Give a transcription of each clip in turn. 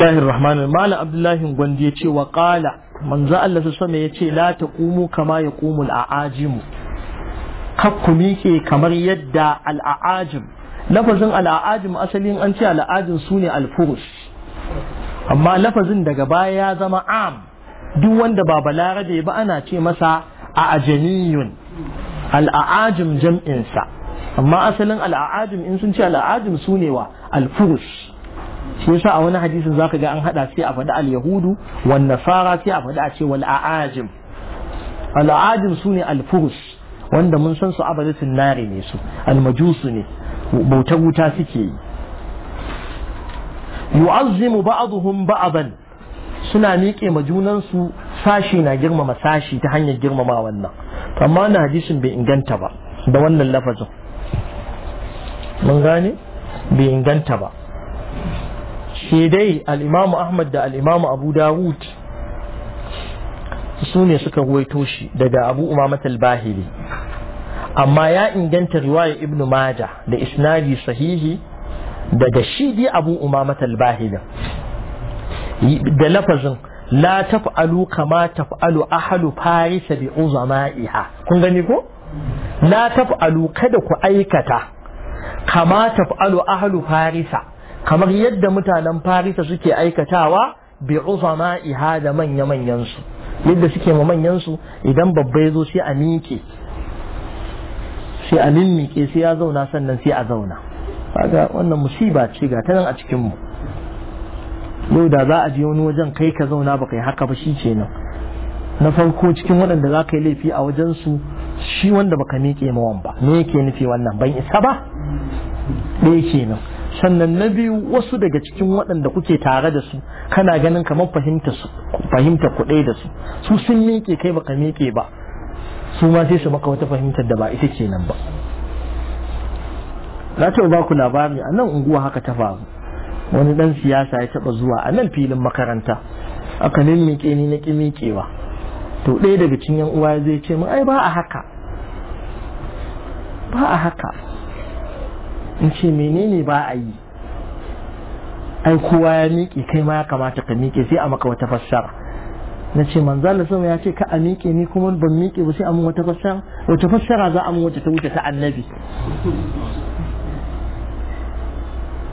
Bismillahir Rahmanir Malam Abdullahi Gwandi ya ce wa ƙala manzo Allah su sama ya ce la kumu kama ya yaqumul a'ajimu kakku miƙe kamar yadda al'a'ajim lafazin al'a'ajim asalin an ce al'a'ajim sune ne alfurus. amma lafazin daga baya ya zama am duk wanda ba balarabe ba ana ce masa a'ajaniyun al'a'ajim jam'insa amma asalin al'a'ajim in sun ce al'a'ajim sune wa alfurus. shi yasa a wani hadisin zaka ga an hada sai a faɗi al-yahudu wan nasara sai a faɗi a ce wal a'ajim al a'ajim sune al wanda mun san su abadatun nari ne su al-majusu ne bautar wuta suke yi yu'azzimu ba'dhum ba'dan suna miƙe ma junansu sashi na girmama sashi ta hanyar girmama wannan amma wannan hadisin bai inganta ba da wannan lafazin mun gane bai inganta ba Kedai al'imamu ahmad da al'imamu abu dawud su ne suka ruwaito shi daga abu umamat bahili amma ya inganta riwaya ibnu maja da isnadi sahihi daga shi dai abu umamat bahili da lafazin la taf'alu kama taf'alu ahalu farisa bi uzama'iha kun gani ko la taf'alu kada ku aikata kama taf'alu ahalu farisa kamar yadda mutanen farisa suke aikatawa bi iha da manya-manyan su yadda suke ma manyan su idan babba ya zo sai a miƙe sai a mimmiƙe sai ya zauna sannan sai a zauna kaga wannan musiba ce ga ta nan a cikin mu yau da za a je wani wajen kai ka zauna ba kai haka ba shi ce nan. na farko cikin waɗanda za ka yi laifi a wajen su shi wanda baka miƙe mawan ba me yake nufi wannan ban isa ba ɗaya kenan sannan na biyu wasu daga cikin waɗanda kuke tare da su kana ganin kamar fahimta su fahimta kuɗai da su su sun miƙe kai baka miƙe ba su ma sai su maka wata fahimtar da ba ita ce nan ba na ta ba ku labari a nan unguwa haka ta faru wani ɗan siyasa ya taɓa zuwa a nan filin makaranta aka mimmiƙe ni na ƙi miƙewa to ɗaya daga cikin yan uwa zai ce mu ai ba a haka ba a haka in ce menene ba a yi ai kowa ya miƙe kai ma ya kamata ka miƙe sai a maka wata fassara na ce manzala sama ya ce ka a miƙe ni kuma ban miƙe ba sai a wata fassara wata fassara za a wata ta wuce ta annabi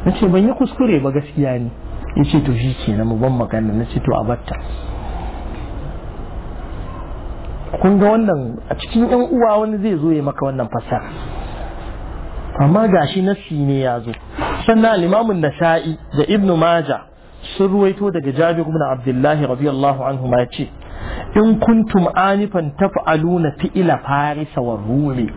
na ce ban yi kuskure ba gaskiya ne ya ce to shi ke na ban magana na ce to a batta kun ga wannan a cikin yan uwa wani zai zo ya maka wannan fassara amma gashi nasi ne ya zo sannan limamin nasa'i da ibnu maja sun ruwaito daga jabir ibn abdullahi radiyallahu anhu ma ce in kuntum anifan taf'aluna ila farisa wa rumi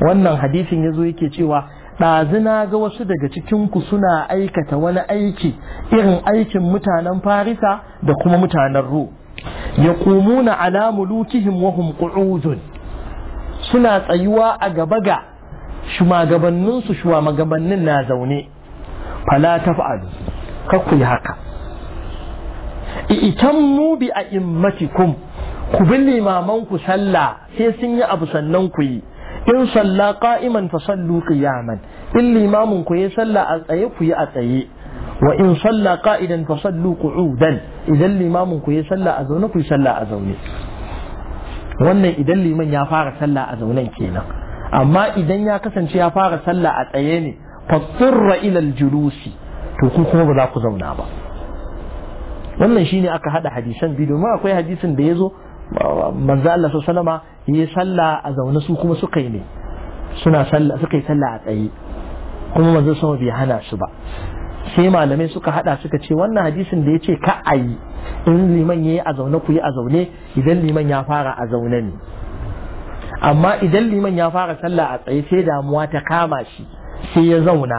wannan hadisin yazo yake cewa ɗazina ga wasu daga cikin ku suna aikata wani aiki irin aikin mutanen farisa da kuma mutanen ru ya kumuna ala mulukihim wa hum qu'udun suna tsayuwa a gaba ga shugabanninsu shugabannin na zaune fala taf'alu kakku yi haka mu bi a immatikum ku bi limamanku sallah sai sun yi abu sannan ku yi in sallah qa'iman fa sallu qiyaman in limamin ku yi sallah a tsaye ku yi a tsaye wa in salla qa'idan fa sallu qu'udan idan limamin ku yi sallah a zaune ku yi sallah a zaune wannan idan liman ya fara sallah a zaunen kenan amma idan ya kasance ya fara sallah a tsaye ne fasirra ilal julusi to ku kuma ba za ku zauna ba wannan shine aka hada hadisan biyu domin akwai hadisin da yazo zo manzo Allah sallama yi sallah a zaune su kuma suka yi ne suna sallah suka yi sallah a tsaye kuma manzo sama bai hana su ba sai malamai suka hada suka ce wannan hadisin da ya ce ka ayi in liman yayi a zaune ku yi a zaune idan liman ya fara a zaune ne amma idan liman ya fara sallah a tsaye sai damuwa ta kama shi sai ya zauna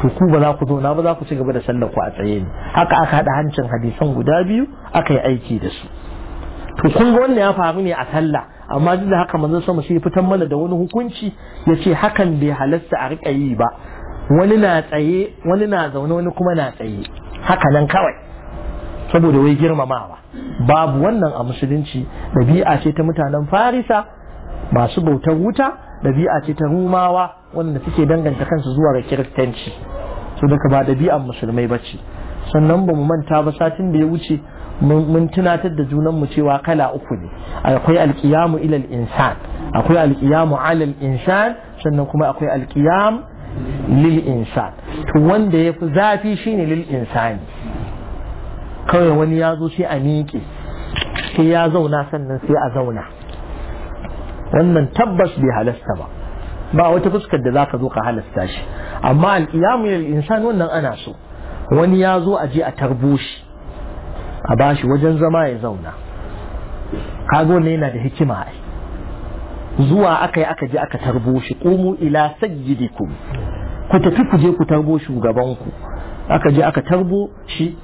to ku ba za ku zauna ba za ku ci gaba da sallar ku a tsaye ne haka aka haɗa hancin hadisan guda biyu aka yi aiki da su to kun ga wannan ya faru ne a sallah amma duk da haka manzon sama sai fitan mana da wani hukunci ya ce hakan bai halasta a riƙa yi ba wani na tsaye wani na zaune wani kuma na tsaye haka nan kawai saboda wai girmamawa babu wannan a musulunci ɗabi'a ce ta mutanen farisa masu bautar wuta ɗabi'a ce ta rumawa wanda suke danganta kansu zuwa ga kiristanci su daga ba ɗabi'an musulmai ba ce sannan ba mu manta ba satin da ya wuce mun tunatar da junanmu cewa kala uku ne akwai alkiyamu ilal insan akwai alƙiyamu alal insan sannan kuma akwai alƙiyam lil insan to wanda ya fi zafi shine lil insani kawai wani ya zo sai a miƙe sai ya zauna sannan sai a zauna wannan tabbas bai halasta ba ba wata fuskar da zaka zo ka halasta shi amma al ya wannan ana so wani ya zo a je a tarbo shi a bashi wajen zama ya zauna kago ne yana da hikima ai zuwa aka yi aka je aka tarbo shi komo ila sayyidikum ku tafi ku je ku tarbo shugabanku aka je aka tarbo shi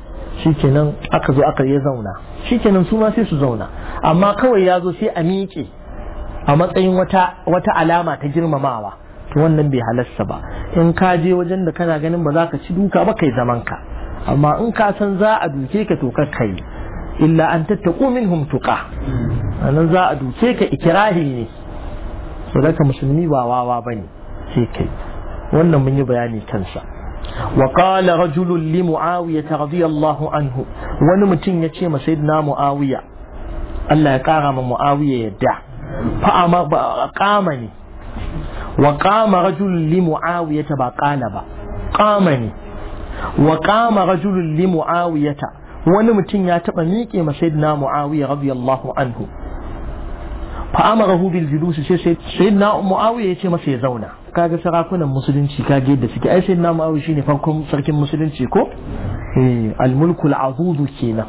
shikenan aka zo aka ya zauna shikenan su ma sai su zauna amma kawai ya zo sai a miƙe a matsayin wata alama ta girmamawa to wannan bai halasta ba in ka je wajen da kana ganin ba za ka ci duka ba kai zaman ka amma in ka san za a duke ka to kai illa an tattaku minhum tuqa anan za a duke ka ikirahi ne to musulmi ba wawa bane sai kai wannan mun yi bayani kansa anhu wani mutum رضي الله عنه ونمتن mu'awiya. Allah ya kara يقارم معاوية yadda. fa'ama ba qama ne wa qama rajulun li muawiyata ba qala ba qama ne wa qama rajulun li muawiyata wani mutum ya taɓa miƙe ma sayyidina muawiya radiyallahu anhu fa'amarahu bil julusi sai sayyidina muawiya ya ce masa ya zauna kaga sarakunan musulunci kage yadda suke ai sayyidina muawiya shine farkon sarkin musulunci ko eh al mulku al azuzu kenan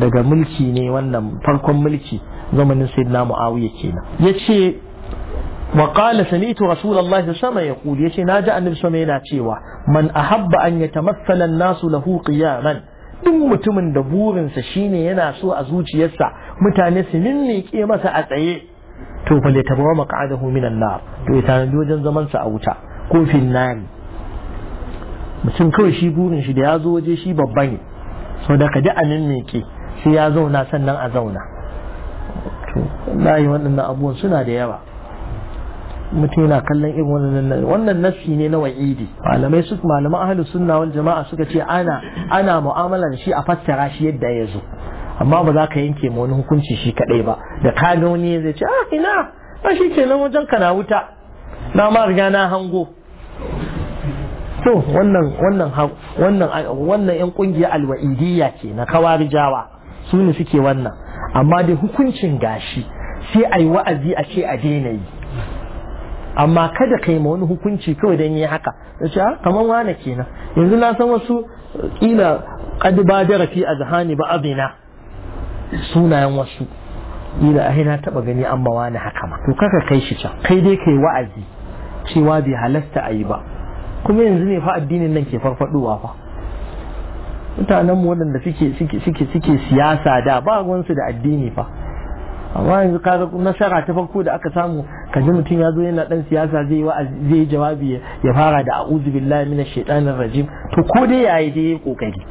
daga mulki ne wannan farkon mulki zamanin sayyidina muawiya kenan yace wa qala sami'tu rasulullahi sallallahu alaihi wasallam yace naji annabi sallallahu yana cewa man ahabba an yatamassala an-nasu lahu qiyaman duk mutumin da burinsa shine yana so a zuciyarsa mutane su mimmike masa a tsaye to fa le tabawa maq'adahu minan nar to ita tanadi wajen zaman sa a wuta ko finnani mutum kawai shi burin shi da ya zo waje shi babba ne saboda ka ji a mimmike sai ya zauna sannan a zauna to wallahi waɗannan abubuwan suna da yawa mutum yana kallon irin wannan wannan nafi ne na wa'idi malamai su malaman ahlus sunna wal jama'a suka ce ana ana mu'amala da shi a fassara shi yadda ya zo amma ba za ka yanke ma wani hukunci shi kadai ba da ka ga wani zai ce ah ina ba shi kenan wajen ka na wuta na ma riga na hango to wannan wannan wannan wannan yan kungiya alwa'idiyya ke na kawarijawa su ne suke wannan amma dai hukuncin gashi sai a wa'azi a ce a daina yi amma kada ka yi ma wani hukunci kawai don yi haka ce ah, kamar wane kenan yanzu na san wasu ƙila kad ba da rafi a zahani ba abina sunayen wasu ila a na taba gani an ma wani haka ma to kaka kai shi can kai dai kai wa'azi cewa bai halasta a yi ba kuma yanzu ne fa addinin nan ke farfaduwa fa mutanenmu waɗanda suke suke siyasa da ba gwansu da addini fa amma yanzu kaga nasara ta farko da aka samu kaji mutum ya zo yana dan siyasa zai yi jawabi ya fara da a'udhu billahi minash shaitanir rajim to ko dai yayi dai kokari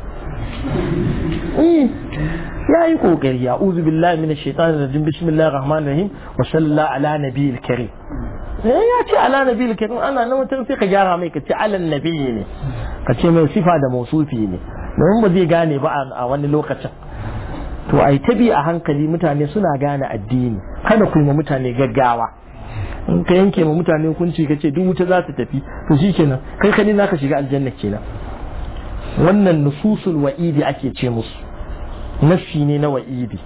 ya yi kokari ya eh, uzu billahi minash shaitanir rajim bismillahir rahmanir rahim wa sallallahu ala nabiyil karim eh, ya ce ala nabiyil karim ana nan mutum sai ka gyara mai ka ce ala nabiyyi ne ka ce mai sifa da mausufi ne domin ba zai gane ba a wani lokacin to a ta tabi a hankali mutane suna gane addini kada ku ma mutane gaggawa in ka yanke ma mutane hukunci ka ce duk wuta za ta tafi to shi kenan kai kani naka shiga aljanna kenan wannan nususul wa'idi ake ce musu nafi ne na wa'idi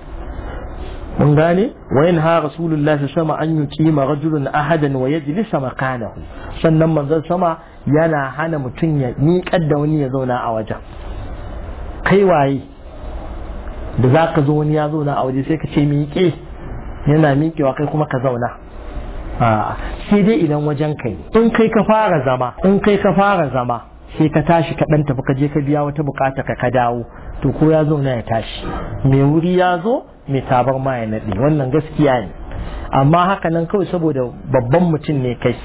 mun gane wa ha rasulullahi sama an yuqima rajulun ahadan wa yajlisa makanahu sannan manzon sama yana hana mutum ya miƙar da wani ya zauna a wajen kai waye da za ka zo wani ya zauna a waje sai ka ce miƙe yana miƙewa kai kuma ka zauna sai dai idan wajen kai in kai ka fara zama in kai ka fara zama sai ka tashi ka ɗan tafi ka je ka biya wata bukata ka ka dawo to ko ya zo na ya tashi mai wuri ya zo mai tabar ma ya naɗe wannan gaskiya ne amma haka nan kawai saboda babban mutum ne kai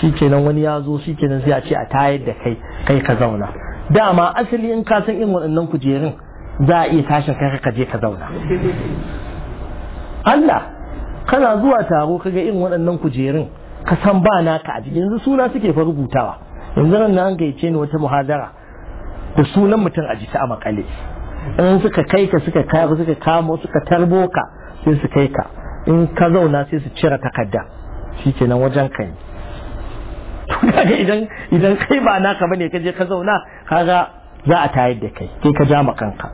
shi kenan wani ya zo shi kenan sai a ce a tayar da kai kai ka zauna dama asali in ka san irin waɗannan kujerun za a iya tashin kai ka je ka zauna Allah kana zuwa taro kaga irin waɗannan kujerun ka san ba naka a jikin yanzu suna suke fa rubutawa yanzu nan na an gaice ni wata muhadara da sunan mutum a jita a makale in suka kai ka suka kawo suka kamo suka tarbo ka sai su kai ka in ka zauna sai su cire takarda shi nan wajen ka ne idan kai ba naka bane ka je ka zauna kaga za a tayar da kai kai ka jama kanka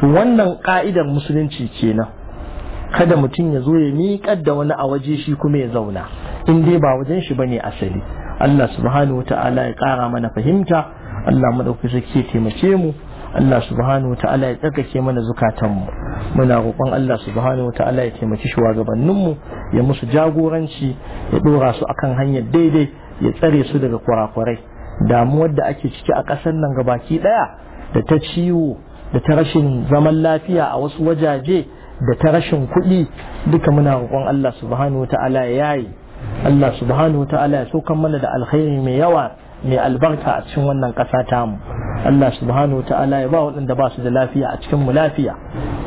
to wannan ka'idar musulunci kenan kada mutum ya zo ya miƙar da wani a waje shi kuma ya zauna in dai ba wajen shi bane asali Allah subhanahu wa ya ƙara mana fahimta Allah madauki sarki ya taimake mu Allah subhanahu wa ya tsarkake mana mu muna roƙon Allah subhanahu wa ta'ala ya taimaki mu ya musu jagoranci ya ɗora su akan hanyar daidai ya tsare su daga kurakurai damuwar da ake ciki a ƙasar nan gabaki ɗaya da ta ciwo da ta rashin zaman lafiya a wasu wajaje da ta rashin kuɗi duka muna roƙon Allah subhanahu ta'ala ya yi. Allah subhanahu ta'ala ya saukan mana da alkhairi mai yawa mai albarka a cikin wannan ƙasa mu. Allah subhanahu ta'ala ya ba waɗanda ba su da lafiya a cikin mu lafiya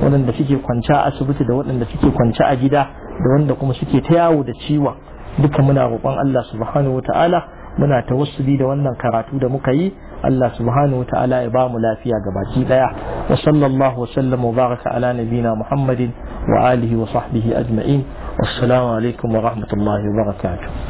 waɗanda suke kwance a asibiti da waɗanda suke kwance a gida da wanda kuma suke ta yawo da ciwon duka muna roƙon Allah subhanahu ta'ala muna tawassuli da wannan karatu da muka yi Allah subhanahu wa ta'ala ya bamu lafiya gabaki daya wa sallallahu wa sallama wa baraka ala nabina Muhammadin wa alihi wa sahbihi ajma'in wassalamu alaikum wa rahmatullahi wa barakatuh